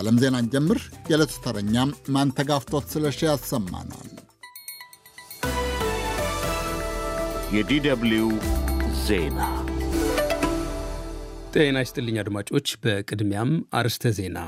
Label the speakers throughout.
Speaker 1: ከዓለም ዜና እንጀምር። የዕለቱ ተረኛም ማንተጋፍቶት ስለሺ ያሰማናል። የዲደብልዩ ዜና ጤና ይስጥልኝ አድማጮች። በቅድሚያም አርስተ ዜና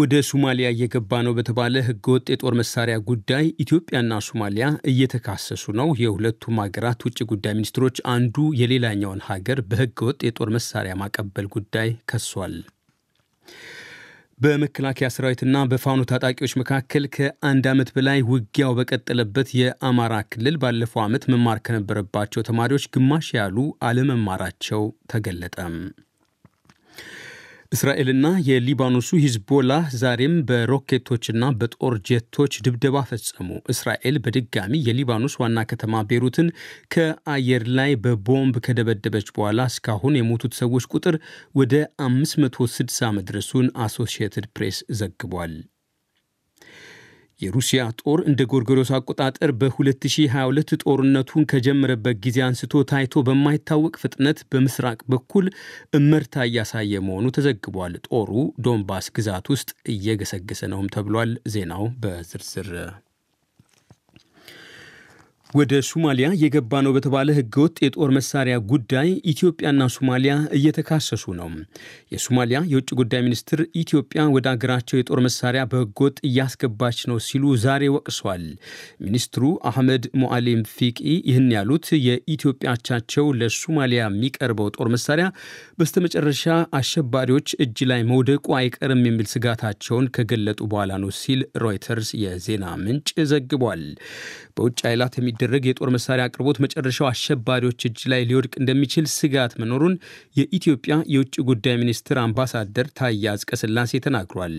Speaker 1: ወደ ሱማሊያ እየገባ ነው በተባለ ህገወጥ የጦር መሳሪያ ጉዳይ ኢትዮጵያና ሱማሊያ እየተካሰሱ ነው። የሁለቱም ሀገራት ውጭ ጉዳይ ሚኒስትሮች አንዱ የሌላኛውን ሀገር በህገወጥ የጦር መሳሪያ ማቀበል ጉዳይ ከሷል። በመከላከያ ሰራዊትና በፋኖ ታጣቂዎች መካከል ከአንድ ዓመት በላይ ውጊያው በቀጠለበት የአማራ ክልል ባለፈው ዓመት መማር ከነበረባቸው ተማሪዎች ግማሽ ያሉ አለመማራቸው ተገለጠም። እስራኤልና የሊባኖሱ ሂዝቦላ ዛሬም በሮኬቶችና በጦር ጀቶች ድብደባ ፈጸሙ። እስራኤል በድጋሚ የሊባኖስ ዋና ከተማ ቤሩትን ከአየር ላይ በቦምብ ከደበደበች በኋላ እስካሁን የሞቱት ሰዎች ቁጥር ወደ 560 መድረሱን አሶሺየትድ ፕሬስ ዘግቧል። የሩሲያ ጦር እንደ ጎርጎሮስ አቆጣጠር በ2022 ጦርነቱን ከጀመረበት ጊዜ አንስቶ ታይቶ በማይታወቅ ፍጥነት በምስራቅ በኩል እመርታ እያሳየ መሆኑ ተዘግቧል። ጦሩ ዶንባስ ግዛት ውስጥ እየገሰገሰ ነውም ተብሏል። ዜናው በዝርዝር ወደ ሱማሊያ የገባ ነው በተባለ ህገወጥ የጦር መሳሪያ ጉዳይ ኢትዮጵያና ሱማሊያ እየተካሰሱ ነው። የሱማሊያ የውጭ ጉዳይ ሚኒስትር ኢትዮጵያ ወደ አገራቸው የጦር መሳሪያ በህገወጥ እያስገባች ነው ሲሉ ዛሬ ወቅሰዋል። ሚኒስትሩ አህመድ ሞአሊም ፊቂ ይህን ያሉት የኢትዮጵያ አቻቸው ለሱማሊያ የሚቀርበው ጦር መሳሪያ በስተመጨረሻ አሸባሪዎች እጅ ላይ መውደቁ አይቀርም የሚል ስጋታቸውን ከገለጡ በኋላ ነው ሲል ሮይተርስ የዜና ምንጭ ዘግቧል። በውጭ ኃይላት የሚደረግ የጦር መሳሪያ አቅርቦት መጨረሻው አሸባሪዎች እጅ ላይ ሊወድቅ እንደሚችል ስጋት መኖሩን የኢትዮጵያ የውጭ ጉዳይ ሚኒስትር አምባሳደር ታዬ አጽቀሥላሴ ተናግሯል።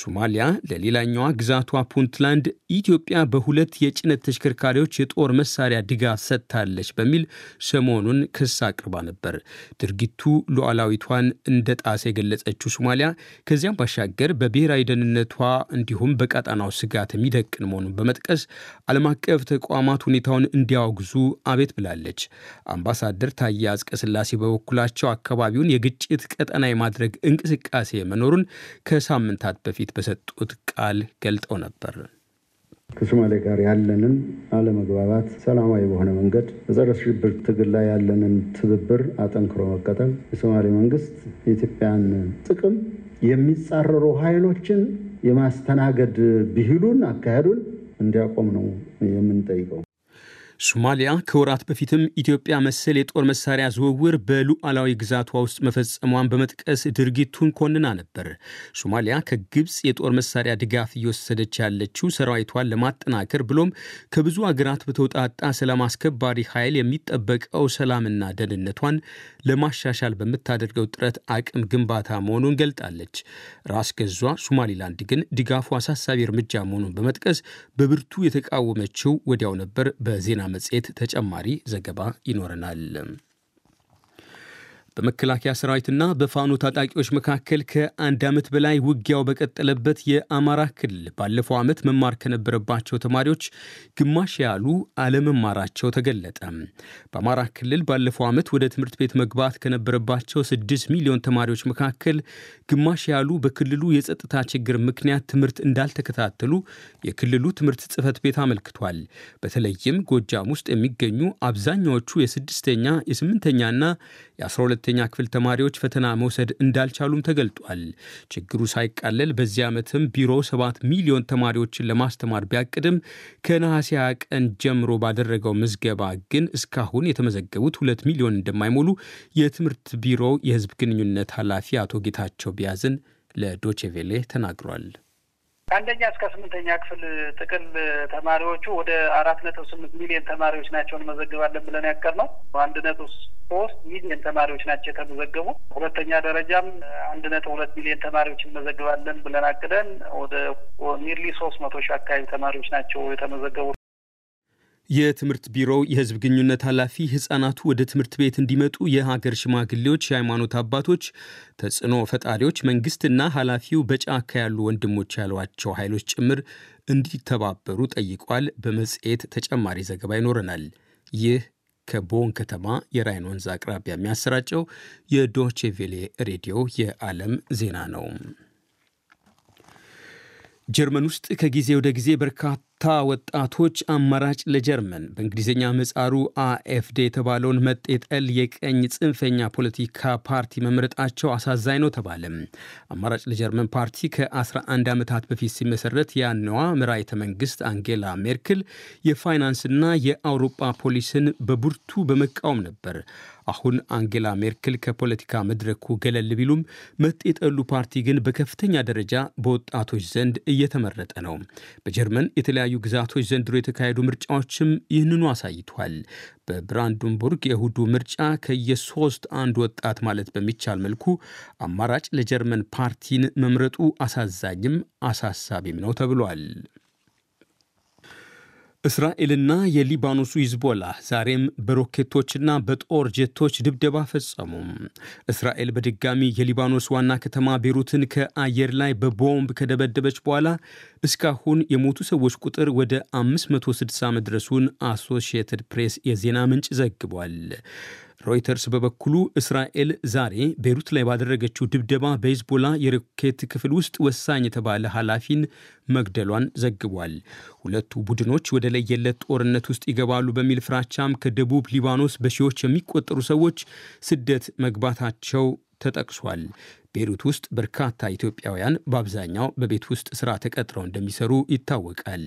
Speaker 1: ሶማሊያ ለሌላኛዋ ግዛቷ ፑንትላንድ ኢትዮጵያ በሁለት የጭነት ተሽከርካሪዎች የጦር መሳሪያ ድጋፍ ሰጥታለች በሚል ሰሞኑን ክስ አቅርባ ነበር። ድርጊቱ ሉዓላዊቷን እንደ ጣሰ የገለጸችው ሶማሊያ ከዚያም ባሻገር በብሔራዊ ደህንነቷ እንዲሁም በቀጠናው ስጋት የሚደቅን መሆኑን በመጥቀስ ዓለም አቀፍ አቀፍ ተቋማት ሁኔታውን እንዲያወግዙ አቤት ብላለች። አምባሳደር ታዬ አጽቀሥላሴ በበኩላቸው አካባቢውን የግጭት ቀጠና የማድረግ እንቅስቃሴ መኖሩን ከሳምንታት በፊት በሰጡት ቃል ገልጠው ነበር። ከሶማሌ ጋር ያለንን አለመግባባት ሰላማዊ በሆነ መንገድ በጸረ ሽብር ትግል ላይ ያለንን ትብብር አጠንክሮ መቀጠል፣ የሶማሌ መንግስት የኢትዮጵያን ጥቅም የሚጻረሩ ኃይሎችን የማስተናገድ ብሂሉን አካሄዱን እንዲያቆም ነው የምንጠይቀው። ሶማሊያ ከወራት በፊትም ኢትዮጵያ መሰል የጦር መሳሪያ ዝውውር በሉዓላዊ ግዛቷ ውስጥ መፈጸሟን በመጥቀስ ድርጊቱን ኮንና ነበር። ሶማሊያ ከግብፅ የጦር መሳሪያ ድጋፍ እየወሰደች ያለችው ሰራዊቷን ለማጠናከር ብሎም ከብዙ አገራት በተውጣጣ ሰላም አስከባሪ ኃይል የሚጠበቀው ሰላምና ደህንነቷን ለማሻሻል በምታደርገው ጥረት አቅም ግንባታ መሆኑን ገልጣለች። ራስ ገዟ ሶማሊላንድ ግን ድጋፉ አሳሳቢ እርምጃ መሆኑን በመጥቀስ በብርቱ የተቃወመችው ወዲያው ነበር በዜና መጽሔት ተጨማሪ ዘገባ ይኖረናል። በመከላከያ ሰራዊትና በፋኖ ታጣቂዎች መካከል ከአንድ ዓመት በላይ ውጊያው በቀጠለበት የአማራ ክልል ባለፈው ዓመት መማር ከነበረባቸው ተማሪዎች ግማሽ ያሉ አለመማራቸው ተገለጠ። በአማራ ክልል ባለፈው ዓመት ወደ ትምህርት ቤት መግባት ከነበረባቸው 6 ሚሊዮን ተማሪዎች መካከል ግማሽ ያሉ በክልሉ የጸጥታ ችግር ምክንያት ትምህርት እንዳልተከታተሉ የክልሉ ትምህርት ጽህፈት ቤት አመልክቷል። በተለይም ጎጃም ውስጥ የሚገኙ አብዛኛዎቹ የስድስተኛ የስምንተኛና የ የሁለተኛ ክፍል ተማሪዎች ፈተና መውሰድ እንዳልቻሉም ተገልጧል። ችግሩ ሳይቃለል በዚህ ዓመትም ቢሮ 7 ሚሊዮን ተማሪዎችን ለማስተማር ቢያቅድም ከነሐሴ ቀን ጀምሮ ባደረገው ምዝገባ ግን እስካሁን የተመዘገቡት ሁለት ሚሊዮን እንደማይሞሉ የትምህርት ቢሮ የህዝብ ግንኙነት ኃላፊ አቶ ጌታቸው ቢያዝን ለዶቼቬሌ ተናግሯል። ከአንደኛ እስከ ስምንተኛ ክፍል ጥቅል ተማሪዎቹ ወደ አራት ነጥብ ስምንት ሚሊዮን ተማሪዎች ናቸው እንመዘግባለን ብለን ነው አንድ ነጥብ ሶስት ሚሊዮን ተማሪዎች ናቸው የተመዘገቡ። ሁለተኛ ደረጃም አንድ ነጥብ ሁለት ሚሊዮን ተማሪዎች እንመዘግባለን ብለን አቅደን ወደ ኒርሊ ሶስት መቶ ሺህ አካባቢ ተማሪዎች ናቸው የተመዘገቡ። የትምህርት ቢሮው የህዝብ ግንኙነት ኃላፊ ህጻናቱ ወደ ትምህርት ቤት እንዲመጡ የሀገር ሽማግሌዎች፣ የሃይማኖት አባቶች፣ ተጽዕኖ ፈጣሪዎች፣ መንግስትና ኃላፊው በጫካ ያሉ ወንድሞች ያሏቸው ኃይሎች ጭምር እንዲተባበሩ ጠይቋል። በመጽሔት ተጨማሪ ዘገባ ይኖረናል። ይህ ከቦን ከተማ የራይን ወንዝ አቅራቢያ የሚያሰራጨው የዶቼ ሬዲዮ የዓለም ዜና ነው። ጀርመን ውስጥ ከጊዜ ወደ ጊዜ በርካታ በርካታ ወጣቶች አማራጭ ለጀርመን በእንግሊዝኛ ምህጻሩ አኤፍዴ የተባለውን መጤጠል የቀኝ ጽንፈኛ ፖለቲካ ፓርቲ መምረጣቸው አሳዛኝ ነው ተባለ። አማራጭ ለጀርመን ፓርቲ ከ11 ዓመታት በፊት ሲመሰረት ያነዋ መራሒተ መንግስት አንጌላ ሜርክል የፋይናንስና የአውሮፓ ፖሊስን በብርቱ በመቃወም ነበር። አሁን አንጌላ ሜርክል ከፖለቲካ መድረኩ ገለል ቢሉም መጤጠሉ ፓርቲ ግን በከፍተኛ ደረጃ በወጣቶች ዘንድ እየተመረጠ ነው። በጀርመን የተለያዩ ግዛቶች ዘንድሮ የተካሄዱ ምርጫዎችም ይህንኑ አሳይቷል። በብራንድንቡርግ የእሁዱ ምርጫ ከየሶስት አንድ ወጣት ማለት በሚቻል መልኩ አማራጭ ለጀርመን ፓርቲን መምረጡ አሳዛኝም አሳሳቢም ነው ተብሏል። እስራኤልና የሊባኖሱ ሂዝቦላ ዛሬም በሮኬቶችና በጦር ጀቶች ድብደባ ፈጸሙ። እስራኤል በድጋሚ የሊባኖስ ዋና ከተማ ቤሩትን ከአየር ላይ በቦምብ ከደበደበች በኋላ እስካሁን የሞቱ ሰዎች ቁጥር ወደ 560 መድረሱን አሶሺየትድ ፕሬስ የዜና ምንጭ ዘግቧል። ሮይተርስ በበኩሉ እስራኤል ዛሬ ቤሩት ላይ ባደረገችው ድብደባ በሂዝቦላ የሮኬት ክፍል ውስጥ ወሳኝ የተባለ ኃላፊን መግደሏን ዘግቧል። ሁለቱ ቡድኖች ወደ ለየለት ጦርነት ውስጥ ይገባሉ በሚል ፍራቻም ከደቡብ ሊባኖስ በሺዎች የሚቆጠሩ ሰዎች ስደት መግባታቸው ተጠቅሷል። ቤሩት ውስጥ በርካታ ኢትዮጵያውያን በአብዛኛው በቤት ውስጥ ስራ ተቀጥረው እንደሚሰሩ ይታወቃል።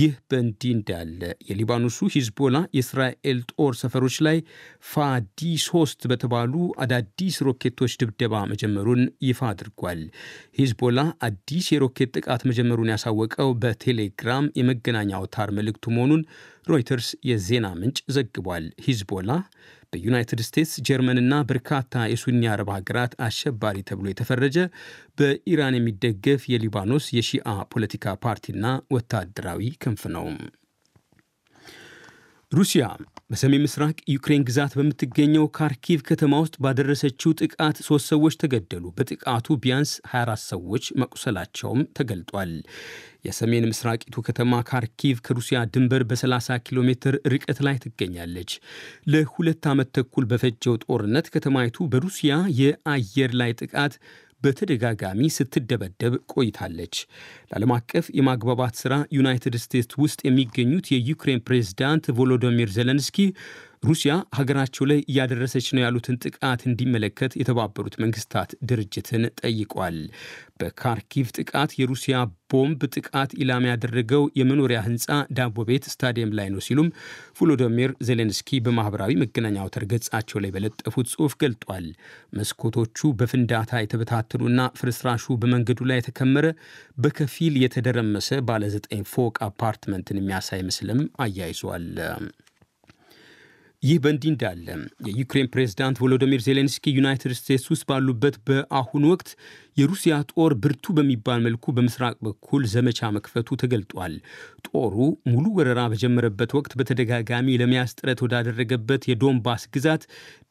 Speaker 1: ይህ በእንዲህ እንዳለ የሊባኖሱ ሂዝቦላ የእስራኤል ጦር ሰፈሮች ላይ ፋዲ ሶስት በተባሉ አዳዲስ ሮኬቶች ድብደባ መጀመሩን ይፋ አድርጓል። ሂዝቦላ አዲስ የሮኬት ጥቃት መጀመሩን ያሳወቀው በቴሌግራም የመገናኛ አውታር መልእክቱ መሆኑን ሮይተርስ የዜና ምንጭ ዘግቧል። ሂዝቦላ በዩናይትድ ስቴትስ ጀርመንና በርካታ የሱኒ አረብ ሀገራት አሸባሪ ተብሎ የተፈረጀ በኢራን የሚደገፍ የሊባኖስ የሺአ ፖለቲካ ፓርቲና ወታደራዊ ክንፍ ነው። ሩሲያ በሰሜን ምስራቅ ዩክሬን ግዛት በምትገኘው ካርኪቭ ከተማ ውስጥ ባደረሰችው ጥቃት ሶስት ሰዎች ተገደሉ። በጥቃቱ ቢያንስ 24 ሰዎች መቁሰላቸውም ተገልጧል። የሰሜን ምስራቂቱ ከተማ ካርኪቭ ከሩሲያ ድንበር በ30 ኪሎ ሜትር ርቀት ላይ ትገኛለች። ለሁለት ዓመት ተኩል በፈጀው ጦርነት ከተማይቱ በሩሲያ የአየር ላይ ጥቃት በተደጋጋሚ ስትደበደብ ቆይታለች። ለዓለም አቀፍ የማግባባት ሥራ ዩናይትድ ስቴትስ ውስጥ የሚገኙት የዩክሬን ፕሬዝዳንት ቮሎዶሚር ዜሌንስኪ ሩሲያ ሀገራቸው ላይ እያደረሰች ነው ያሉትን ጥቃት እንዲመለከት የተባበሩት መንግስታት ድርጅትን ጠይቋል። በካርኪቭ ጥቃት የሩሲያ ቦምብ ጥቃት ኢላማ ያደረገው የመኖሪያ ህንፃ ዳቦ ቤት ስታዲየም ላይ ነው ሲሉም ቮሎዶሚር ዜሌንስኪ በማህበራዊ መገናኛ አውታር ገጻቸው ላይ በለጠፉት ጽሑፍ ገልጧል። መስኮቶቹ በፍንዳታ የተበታተኑና ፍርስራሹ በመንገዱ ላይ የተከመረ በከፊል የተደረመሰ ባለ ዘጠኝ ፎቅ አፓርትመንትን የሚያሳይ ምስልም አያይዟል። ይህ በእንዲህ እንዳለ የዩክሬን ፕሬዝዳንት ቮሎዶሚር ዜሌንስኪ ዩናይትድ ስቴትስ ውስጥ ባሉበት በአሁኑ ወቅት የሩሲያ ጦር ብርቱ በሚባል መልኩ በምስራቅ በኩል ዘመቻ መክፈቱ ተገልጧል። ጦሩ ሙሉ ወረራ በጀመረበት ወቅት በተደጋጋሚ ለመያዝ ጥረት ወዳደረገበት የዶንባስ ግዛት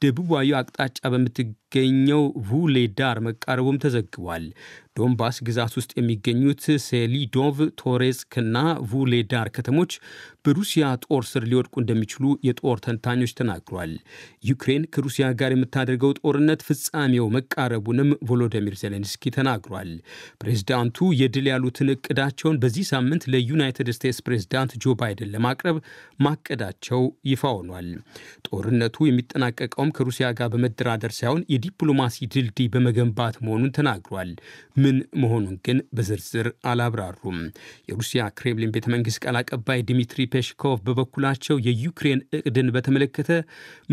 Speaker 1: ደቡባዊ አቅጣጫ በምትገኘው ቩሌዳር መቃረቡም ተዘግቧል። ዶንባስ ግዛት ውስጥ የሚገኙት ሴሊዶቭ፣ ቶሬስክና ቩሌዳር ከተሞች በሩሲያ ጦር ስር ሊወድቁ እንደሚችሉ የጦር ተንታኞች ተናግሯል። ዩክሬን ከሩሲያ ጋር የምታደርገው ጦርነት ፍጻሜው መቃረቡንም ቮሎዲሚር ዜሌንስኪ ዜሌንስኪ ተናግሯል። ፕሬዝዳንቱ የድል ያሉትን እቅዳቸውን በዚህ ሳምንት ለዩናይትድ ስቴትስ ፕሬዝዳንት ጆ ባይደን ለማቅረብ ማቀዳቸው ይፋ ሆኗል። ጦርነቱ የሚጠናቀቀውም ከሩሲያ ጋር በመደራደር ሳይሆን የዲፕሎማሲ ድልድይ በመገንባት መሆኑን ተናግሯል። ምን መሆኑን ግን በዝርዝር አላብራሩም። የሩሲያ ክሬምሊን ቤተ መንግስት ቃል አቀባይ ዲሚትሪ ፔሽኮቭ በበኩላቸው የዩክሬን እቅድን በተመለከተ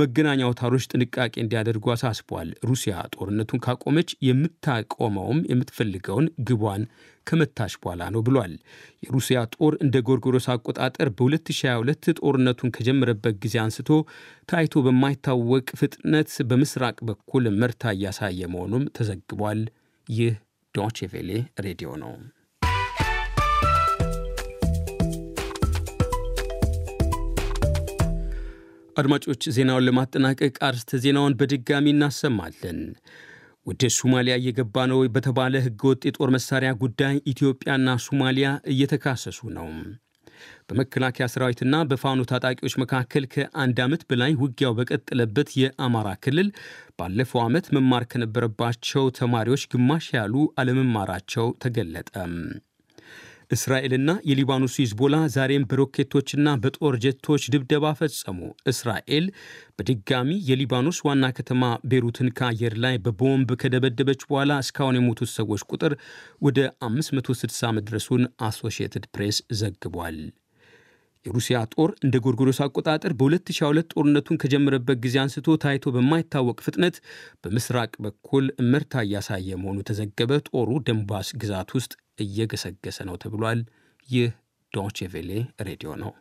Speaker 1: መገናኛ አውታሮች ጥንቃቄ እንዲያደርጉ አሳስቧል። ሩሲያ ጦርነቱን ካቆመች የምታቆ የቆመውም የምትፈልገውን ግቧን ከመታች በኋላ ነው ብሏል። የሩሲያ ጦር እንደ ጎርጎሮስ አቆጣጠር በ2022 ጦርነቱን ከጀመረበት ጊዜ አንስቶ ታይቶ በማይታወቅ ፍጥነት በምስራቅ በኩል መርታ እያሳየ መሆኑም ተዘግቧል። ይህ ዶቼ ቬሌ ሬዲዮ ነው። አድማጮች ዜናውን ለማጠናቀቅ አርስተ ዜናውን በድጋሚ እናሰማለን። ወደ ሶማሊያ እየገባ ነው በተባለ ህገወጥ የጦር መሳሪያ ጉዳይ ኢትዮጵያና ሶማሊያ እየተካሰሱ ነው። በመከላከያ ሰራዊትና በፋኖ ታጣቂዎች መካከል ከአንድ ዓመት በላይ ውጊያው በቀጠለበት የአማራ ክልል ባለፈው ዓመት መማር ከነበረባቸው ተማሪዎች ግማሽ ያሉ አለመማራቸው ተገለጠ። እስራኤልና የሊባኖሱ ሂዝቦላ ዛሬም በሮኬቶችና በጦር ጀቶች ድብደባ ፈጸሙ። እስራኤል በድጋሚ የሊባኖስ ዋና ከተማ ቤሩትን ከአየር ላይ በቦምብ ከደበደበች በኋላ እስካሁን የሞቱት ሰዎች ቁጥር ወደ 560 መድረሱን አሶሺየትድ ፕሬስ ዘግቧል። የሩሲያ ጦር እንደ ጎርጎሮስ አቆጣጠር በ2002 ጦርነቱን ከጀመረበት ጊዜ አንስቶ ታይቶ በማይታወቅ ፍጥነት በምስራቅ በኩል እመርታ እያሳየ መሆኑ ተዘገበ። ጦሩ ደንባስ ግዛት ውስጥ እየገሰገሰ ነው ተብሏል። ይህ ዶቼ ቬሌ ሬዲዮ ነው።